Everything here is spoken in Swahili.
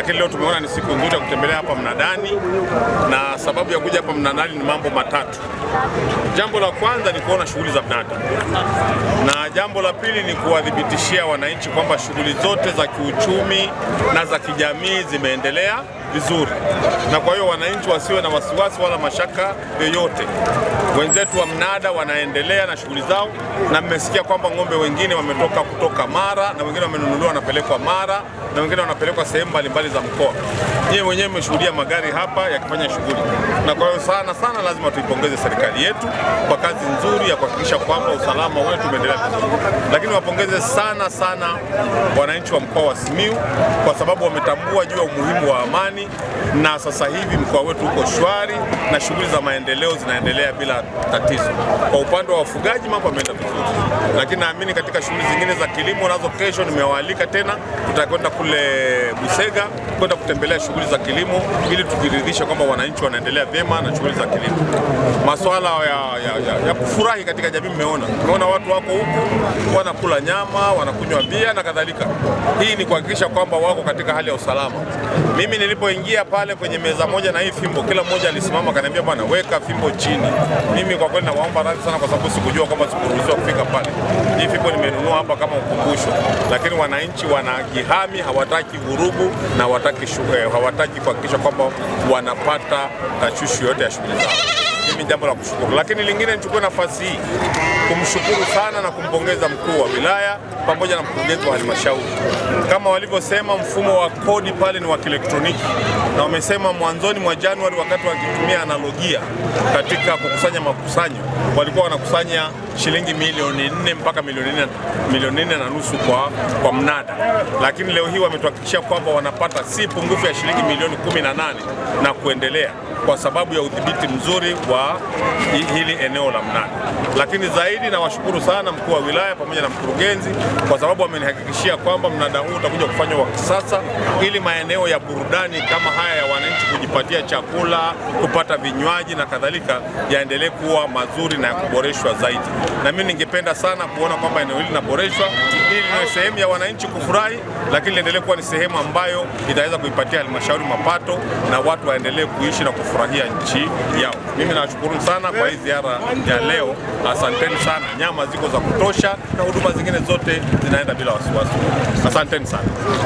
lakini leo tumeona ni siku nzuri ya kutembelea hapa mnadani, na sababu ya kuja hapa mnadani ni mambo matatu. Jambo la kwanza ni kuona shughuli za mnada, na jambo la pili ni kuwadhibitishia wananchi kwamba shughuli zote za kiuchumi na za kijamii zimeendelea vizuri, na kwa hiyo wananchi wasiwe na wasiwasi wala mashaka yoyote. Wenzetu wa mnada wanaendelea na shughuli zao, na mmesikia kwamba ng'ombe wengine wametoka kutoka Mara na wengine wamenunuliwa wanapelekwa Mara na wengine wanapelekwa sehemu mbalimbali za mkoa. Nyie mwenyewe mmeshuhudia magari hapa yakifanya shughuli, na kwa hiyo sana sana lazima tuipongeze serikali yetu kwa kazi nzuri ya kuhakikisha kwamba usalama wetu umeendelea vizuri, lakini wapongeze sana sana wananchi wa mkoa wa Simiyu kwa sababu wametambua juu ya umuhimu wa amani, na sasa hivi mkoa wetu uko shwari na shughuli za maendeleo zinaendelea bila tatizo. Kwa upande wa wafugaji mambo yameenda vizuri, lakini naamini katika shughuli zingine za kilimo nazo, kesho nimewaalika tena, tutakwenda kule Busega kwenda kutembelea shughuli za kilimo ili tujiridhishe kwamba wananchi wanaendelea vyema na shughuli za kilimo. Masuala ya, ya, ya, ya kufurahi katika jamii mmeona, tumeona watu wako huku wanakula nyama, wanakunywa bia na kadhalika. Hii ni kuhakikisha kwamba wako katika hali ya usalama. Mimi nilipoingia pale kwenye meza moja na hii fimbo, kila mmoja alisimama akaniambia, bwana weka fimbo chini. Mimi kwa kweli nawaomba radhi sana kwa sababu sikujua kwamba sikuruhusiwa kufika pale. Hii fimbo nimenunua hapa kama ukumbusho, lakini wananchi wanajihami hawataki vurugu na hawataki eh, hawataki kuhakikisha kwamba wanapata tashwishi eh, yote ya shughuli zao. Mimi jambo la kushukuru, lakini lingine nichukue nafasi hii kumshukuru sana na kumpongeza mkuu wa wilaya pamoja na mkurugenzi wa halmashauri. Kama walivyosema, mfumo wa kodi pale ni wa kielektroniki, na wamesema mwanzoni mwa Januari, wakati wakitumia analogia katika kukusanya makusanyo, walikuwa wanakusanya shilingi milioni nne mpaka milioni nne na nusu kwa, kwa mnada, lakini leo hii wametuhakikishia kwamba wanapata si pungufu ya shilingi milioni kumi na nane na kuendelea kwa sababu ya udhibiti mzuri wa hili eneo la mnada. Lakini zaidi nawashukuru sana mkuu wa wilaya pamoja na mkurugenzi kwa sababu wamenihakikishia kwamba mnada huu utakuja kufanywa kwa kisasa, ili maeneo ya burudani kama haya ya wananchi kujipatia chakula, kupata vinywaji na kadhalika yaendelee kuwa mazuri na ya kuboreshwa zaidi na mimi ningependa sana kuona kwamba eneo hili linaboreshwa ili liwe sehemu ya wananchi kufurahi, lakini liendelee kuwa ni sehemu ambayo itaweza kuipatia halmashauri mapato na watu waendelee kuishi na kufurahia nchi yao. Mimi nawashukuru sana kwa hii ziara ya leo, asanteni sana. Nyama ziko za kutosha na huduma zingine zote zinaenda bila wasiwasi. Asanteni sana.